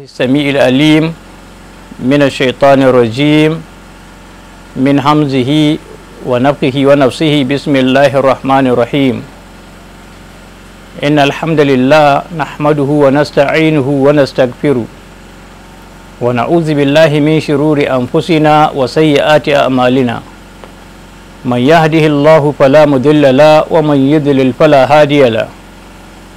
السميع الأليم من الشيطان الرجيم من همزه ونفخه ونفسه بسم الله الرحمن الرحيم إن الحمد لله نحمده ونستعينه ونستغفره ونعوذ بالله من شرور أنفسنا وسيئات أعمالنا من يهده الله فلا مضل له ومن يضلل فلا هادي له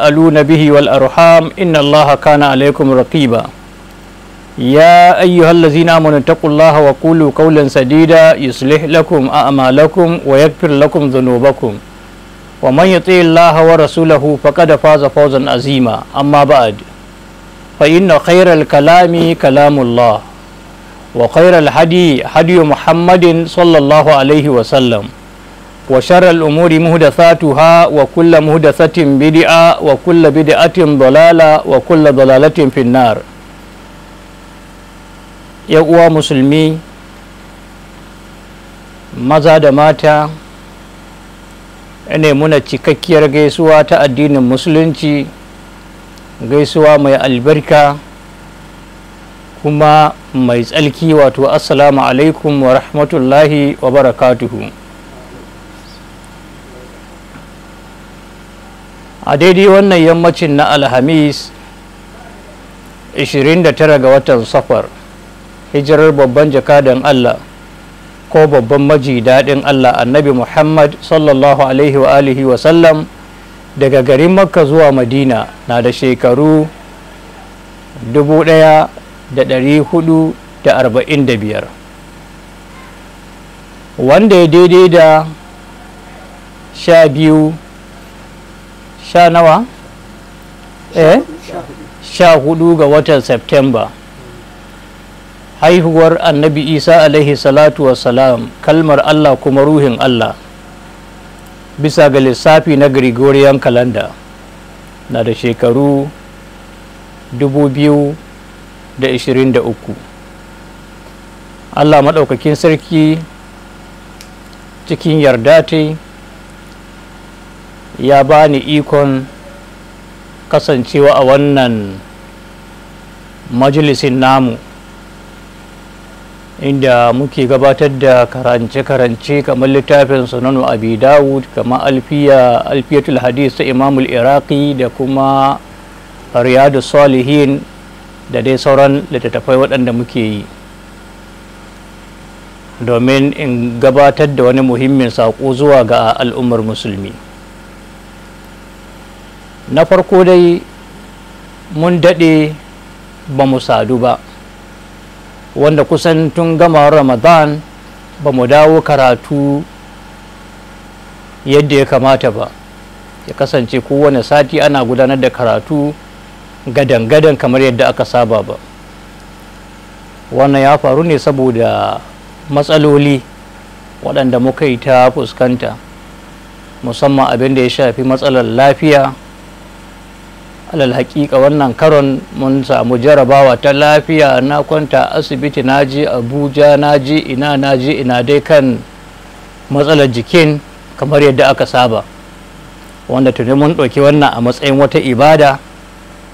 تساءلون به والأرحام إن الله كان عليكم رقيبا يا أيها الذين آمنوا اتقوا الله وقولوا قولا سديدا يصلح لكم أعمالكم ويغفر لكم ذنوبكم ومن يطع الله ورسوله فقد فاز فوزا عظيما أما بعد فإن خير الكلام كلام الله وخير الهدي هدي محمد صلى الله عليه وسلم wa sharar umuri muhdasatu ha wa kulla muhdasatin bid'a wa kulla bid'atin dalala wa kulla dalalatin finnar ya uwa musulmi maza da mata ne muna cikakkiyar gaisuwa ta addinin musulunci gaisuwa mai albarka kuma mai tsalki wato assalamu alaikum wa rahmatullahi wa barakatuhu. a daidai wannan yammacin na alhamis 29 ga watan safar hijirar babban jakadan allah ko babban maji daɗin allah annabi muhammad sallallahu alaihi wa alihi wasallam daga garin makka zuwa madina na da shekaru 1445 wanda ya daidai da sha biyu sha nawa eh sha hudu ga watan september haihuwar annabi isa alaihi salatu salam kalmar allah kuma ruhin allah bisa ga lissafi na gregorian calendar na da shekaru 2023 allah maɗaukakin sarki cikin yarda ta ya bani ikon kasancewa a wannan majalisin namu inda muke gabatar da karance-karance kamar littafin sunanu abi dawud kamar alfiya alfiyatul hadis ta imamul iraqi da kuma riyadu salihin da dai sauran littattafai waɗanda muke yi domin in gabatar da wani muhimmin saƙo zuwa ga al'ummar musulmi na farko dai mun daɗe ba mu sadu ba wanda kusan tun gama ramadan ba mu dawo karatu yadda ya kamata ba ya kasance kowane sati ana gudanar da karatu gadan-gadan kamar yadda aka saba ba wannan ya faru ne saboda matsaloli waɗanda muka yi ta fuskanta musamman abin da ya shafi matsalar lafiya alal haƙiƙa wannan karon mun samu jarabawa ta lafiya na kwanta asibiti na je abuja na je ina na je ina dai kan matsalar jikin kamar yadda aka saba wanda tuni mun ɗauki wannan a matsayin wata ibada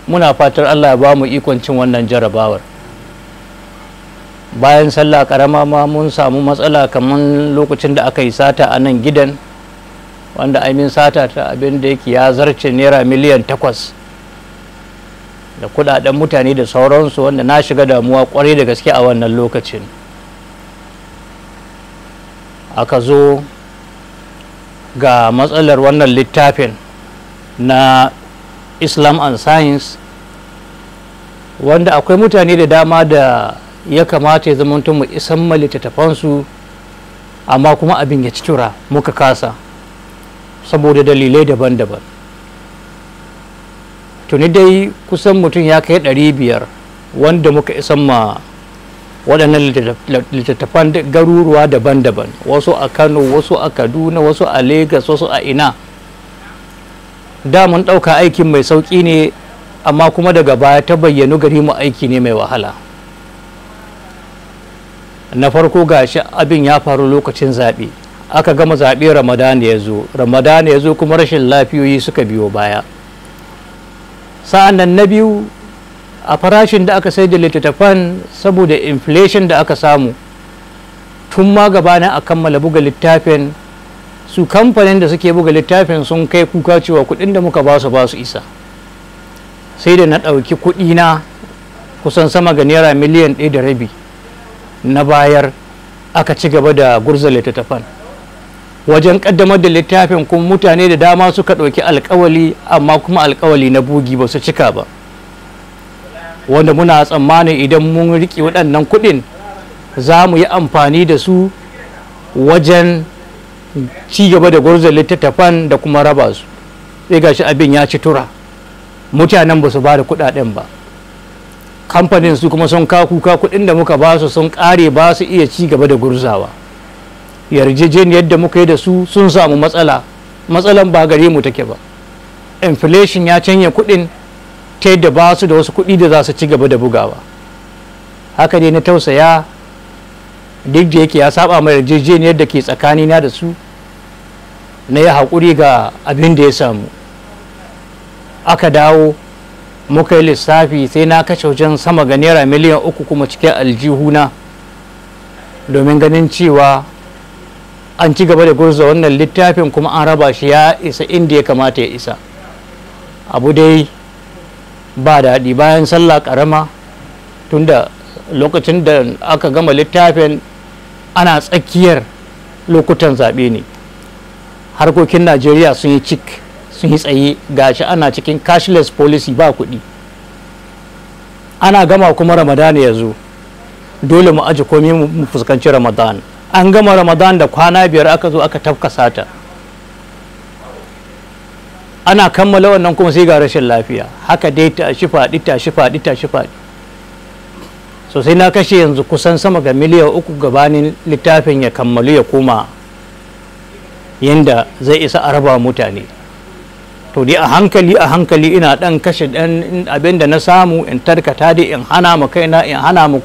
muna fatar allah ya ba mu ikon cin wannan jarabawar bayan sallah karama ma mun samu matsala kamar lokacin da aka yi sata a nan gidan wanda aimin sata ta abin da yake ya zarce naira miliyan takwas da kudaden mutane da sauransu wanda na shiga damuwa kwarai da gaske a wannan lokacin aka zo ga matsalar wannan littafin na islam and science wanda akwai mutane da dama da ya kamata ya zamanta mu isan littattafansu amma kuma abin ya ci tura muka kasa saboda dalilai daban-daban tuni dai kusan mutum ya kai ɗari biyar wanda muka isa ma waɗannan littattafan garuruwa daban-daban wasu a kano wasu a kaduna wasu a lagos wasu a ina da mun ɗauka aikin mai sauƙi ne amma kuma daga baya ta bayyanu gari mu aiki ne mai wahala na farko ga shi abin ya faru lokacin zaɓe aka gama zaɓe ramadana ya zo ramadana ya zo kuma rashin lafiyoyi suka biyo baya sa'an nan na biyu a farashin da aka sai da littattafan saboda inflation da aka samu tun ma gabanin a kammala buga littafin su kamfanin da suke buga littafin sun kai kuka cewa kudin da muka basu basu isa sai da na ɗauki na kusan sama ga naira miliyan ɗaya da rabi na bayar aka ci gaba da gurza littattafan wajen kaddamar da littafin kuma mutane da dama suka ɗauki alkawali amma kuma alkawali na bugi ba su cika ba wanda muna tsammanin idan mun riƙe waɗannan kuɗin za mu yi amfani da su wajen ci gaba da gurzar littattafan da kuma raba su sai gashi abin ya ci tura mutanen ba su ba da kuɗaɗen ba kamfanin su kuma sun kuka kuɗin da muka ba su sun ƙare ba su iya ci gaba da gurzawa. yarjejeniyar da muka yi da su sun samu matsala matsalan ba gare mu take ba inflation ya canza kuɗin ta yadda ba su da wasu kuɗi da za su ci gaba da bugawa haka dai na tausaya duk da yake ya saba mai yarjejeniyar da ke tsakanina da su na yi haƙuri ga abin da ya samu aka dawo muka yi lissafi sai na kashe wajen sama ga naira miliyan uku kuma cikin aljihuna domin ganin cewa an ci gaba da gurza wannan littafin kuma an raba shi ya isa inda ya kamata ya isa abu dai ba daɗi bayan sallah ƙarama tunda lokacin da aka gama littafin ana tsakiyar lokutan zaɓe ne harkokin najeriya sun yi cik sun yi tsaye gashi ana cikin cashless policy ba kuɗi ana gama kuma ramadana ya zo dole mu aji komi mu fuskanci ramadana an gama ramadan da kwana biyar aka zo aka tafka sata ana kammala wannan kuma sai ga rashin lafiya haka dai ta shi faɗi ta shi faɗi ta shi faɗi so sai na kashe yanzu kusan sama ga miliyan uku gabanin littafin ya kammalu ya koma yanda zai isa araba mutane to dai a hankali a hankali ina dan kashe dan abin na samu in tarkata dai in hana mu kaina in hana mu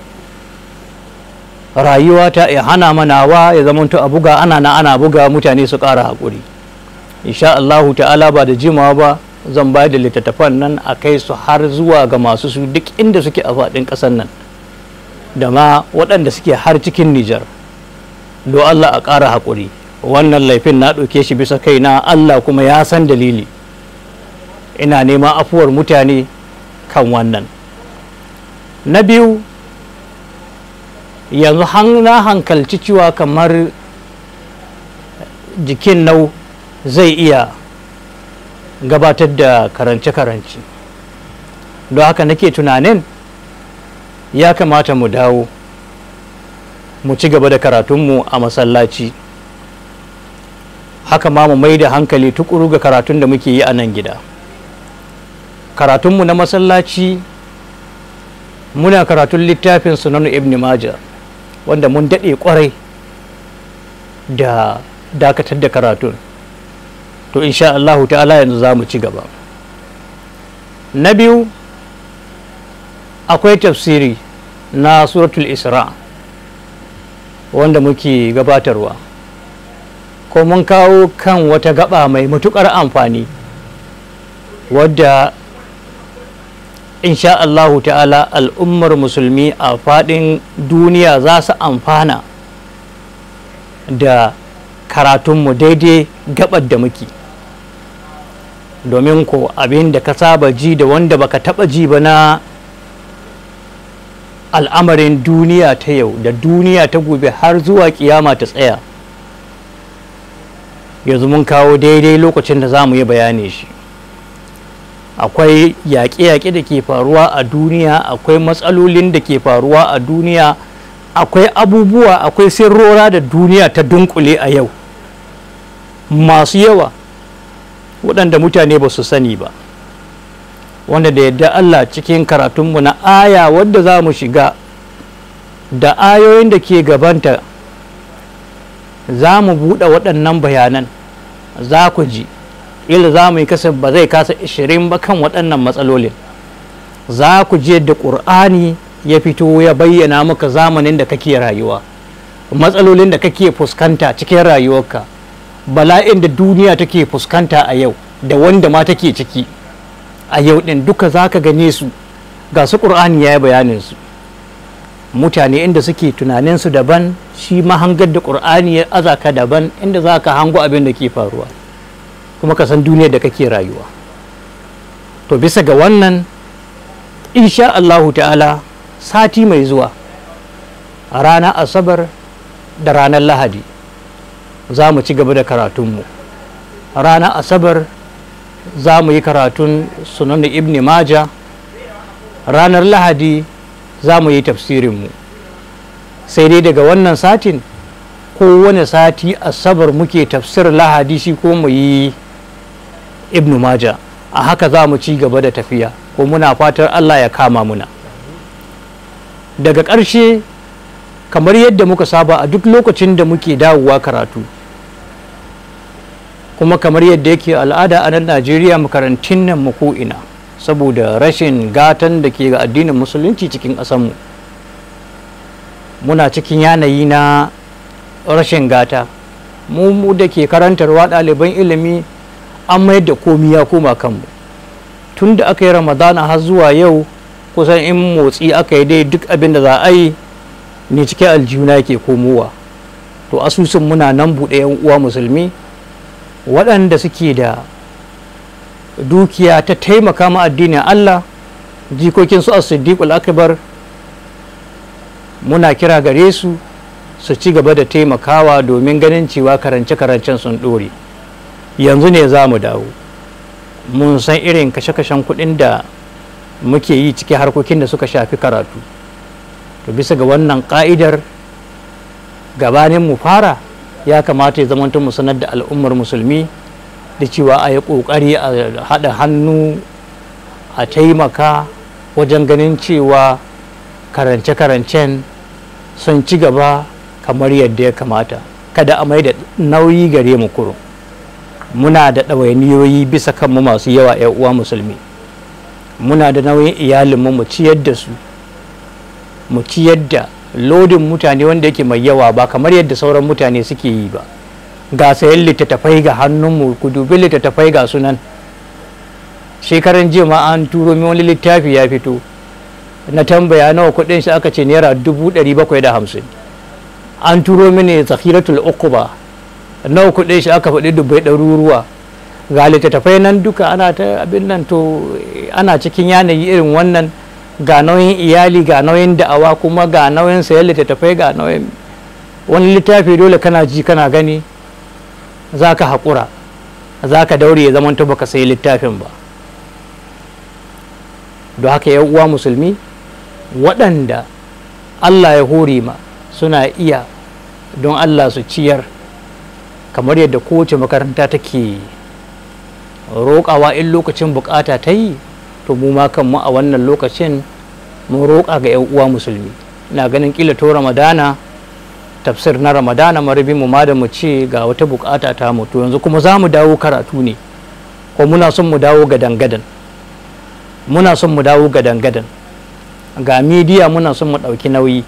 rayuwa ta ya hana manawa ya zama a buga ana na ana buga mutane su ƙara hakuri insha Allahu ta'ala ba da jimawa ba zan ba da littattafan nan a kai su har zuwa ga masu su duk inda suke a faɗin ƙasar nan da ma waɗanda suke har cikin Nijar do Allah a ƙara hakuri wannan laifin na ɗauke shi bisa kaina Allah kuma ya san dalili ina nema afuwar mutane kan wannan na biyu yanzu na hankalci cewa kamar jikin nau zai iya gabatar da karance-karance don haka nake tunanin ya kamata mu dawo mu ci gaba da karatunmu a masallaci haka ma mu mai da hankali tukuru ga karatun da muke yi a nan gida karatunmu na masallaci muna karatun littafin sunan ibn majah wanda mun daɗe kwarai da dakatar da karatun to insha Allahu ta'ala yanzu za mu ci gaba na biyu akwai tafsiri na suratul isra wanda muke gabatarwa ko mun kawo kan wata gaba mai matukar amfani wadda insha Allahu ta'ala al'ummar musulmi a faɗin duniya za su amfana da karatunmu daidai gabar da muke domin ko abin da ka saba ji da wanda baka taba ji ba na al'amarin duniya ta yau da duniya ta gobe har zuwa kiyama ta tsaya yanzu mun kawo daidai lokacin da za mu yi bayani shi akwai yaƙe-yaƙe da ke faruwa a duniya akwai matsalolin da ke faruwa a duniya akwai abubuwa akwai sirrora da duniya ta dunkule a yau masu yawa waɗanda mutane ba su sani ba wanda da yadda Allah cikin karatunmu na aya wadda za mu shiga da ayoyin da ke gabanta za mu buɗe waɗannan bayanan za ku ji ila za mu yi kasa ba zai kasa 20 ba kan waɗannan matsalolin za ku je da ƙur'ani ya fito ya bayyana maka zamanin da kake rayuwa matsalolin da kake fuskanta cikin rayuwarka bala'in da duniya take fuskanta a yau da wanda ma take ciki a yau ɗin duka za ka gane su ga su ƙur'ani ya yi bayanin su mutane inda suke tunaninsu daban shi mahangar da ƙur'ani ya azaka daban inda za ka hango abin da ke faruwa kuma ka san duniyar da kake rayuwa to bisa ga wannan insha Allahu ta'ala sati mai zuwa a rana asabar da ranar lahadi za mu ci gaba da karatunmu rana asabar za mu yi karatun sunan ibn maja ranar lahadi za mu yi tafsirinmu sai dai daga wannan satin kowane sati asabar muke tafsir lahadi shi ko mu yi ibnu maja a haka za mu ci gaba da tafiya ko muna fatar allah ya kama muna daga ƙarshe kamar yadda muka saba a duk lokacin da muke dawowa karatu kuma kamar yadda yake al'ada a nan najeriya makarantun nan mu ko'ina saboda rashin gatan da ke ga addinin musulunci cikin ƙasanmu muna cikin yanayi na rashin gata mu da ke karantarwa ɗaliban ilimi an mayar da komi ya koma kanmu tun da aka yi ramadana har zuwa yau kusan in motsi aka yi dai duk abin da za a yi ne cikin aljihuna ke komowa to asusun muna nan buɗe yan uwa musulmi waɗanda suke da dukiya ta taimaka ma addinin allah jikokin su as-siddiqul akbar muna kira gare su su ci gaba da taimakawa domin ganin cewa karance-karancen sun ɗore. yanzu ne za mu dawo mun san irin kashe-kashen kudin da muke yi cikin harkokin da suka shafi karatu to bisa ga wannan ka'idar gabanin mu fara ya kamata ya zamanta mu sanar da al'ummar musulmi da cewa a yi ƙoƙari a haɗa hannu a taimaka wajen ganin cewa karance-karancen sun ci gaba kamar yadda ya kamata kada a mai da nauyi gare mu kurum muna da ɗawainiyoyi bisa kanmu masu yawa 'yan uwa musulmi muna da nauyin iyalinmu mu ciyar da su mu ciyar da lodin mutane wanda yake mai yawa ba kamar yadda sauran mutane suke yi ba ga sayan littattafai ga hannunmu ku dubi littattafai ga sunan shekaran jiya ma an turo min wani littafi ya fito na tambaya nawa kudin shi aka ce naira dubu ɗari bakwai da hamsin an turo mini zakiratul ukuba nawa kuɗin shi aka faɗi dubbai ɗaruruwa ga littattafai nan duka ana ta abin nan to ana cikin yanayi irin wannan ga nauyin iyali ga nauyin da'awa kuma ga nauyin sayan littattafai ga nauyin wani littafi dole kana ji kana gani za ka haƙura za ka daure ya zamanta ka sayi littafin ba don haka yan uwa musulmi waɗanda allah ya hore ma suna iya don allah su ciyar kamar yadda kowace makaranta take roƙawa in lokacin bukata ta yi to mu ma kanmu a wannan lokacin mun roƙa ga 'yan uwa musulmi na ganin kila to ramadana tafsir na ramadana marabin mu ma da mu ce ga wata bukata ta mu to yanzu kuma za mu dawo karatu ne ko muna son mu dawo ga dangadan muna son mu dawo ga dangadan ga midiya muna son mu ɗauki nauyi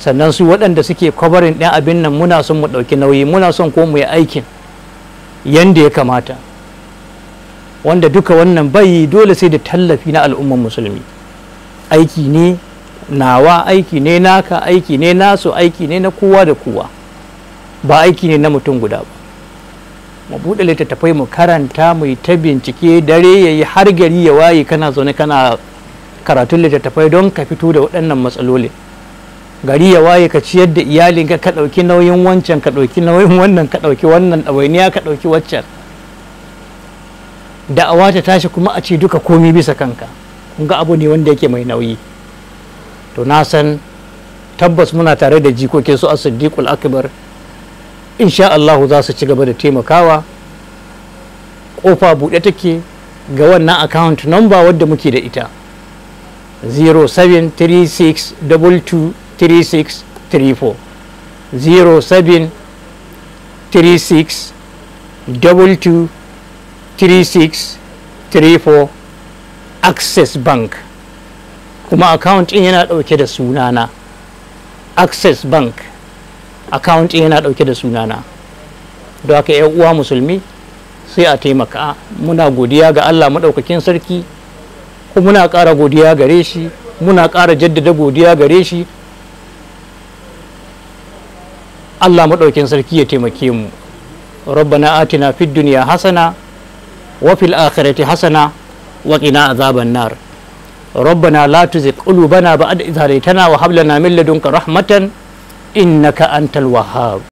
sannan su waɗanda suke kwabarin ɗin abin nan muna son mu ɗauki nauyi muna son ko mu yi aikin yadda ya kamata wanda duka wannan bai dole sai da tallafi na al'ummar musulmi aiki ne nawa aiki ne naka aiki ne nasu aiki ne na kowa da kowa ba aiki ne na mutum guda ba mu buɗe littattafai mu karanta mu yi ta bincike dare ya yi har gari ya waye kana zaune kana karatun littattafai don ka fito da waɗannan matsalolin gari ya waye ka ciyar da iyalinka ka dauki nauyin wancan ka dauki nauyin wannan ka dauki wannan ɗawainiya ka dauki waccan da'awa ta tashi kuma a ce duka komi bisa kanka kun ga abu ne wanda yake mai nauyi to na san tabbas muna tare da jikokin su as-siddiqul akbar insha Allah za su ci gaba da taimakawa kofa buɗe take ga wannan account number wadda muke da ita 073622 3634 07 36 22 36 34 access bank kuma account in yana ɗauke da sunana access bank account in yana ɗauke da sunana don haka yan uwa musulmi sai a taimaka muna godiya ga Allah maɗaukakin sarki kuma muna ƙara godiya gare shi muna ƙara jaddada godiya gare shi Allah maɗaukin sarki ya taimake mu rabbana atina fid duniya hasana wa fil akhirati hasana wa qina azaban nar rabbana la tuzigh qulubana ba'da idh hadaytana wa hab lana min ladunka rahmatan innaka antal wahhab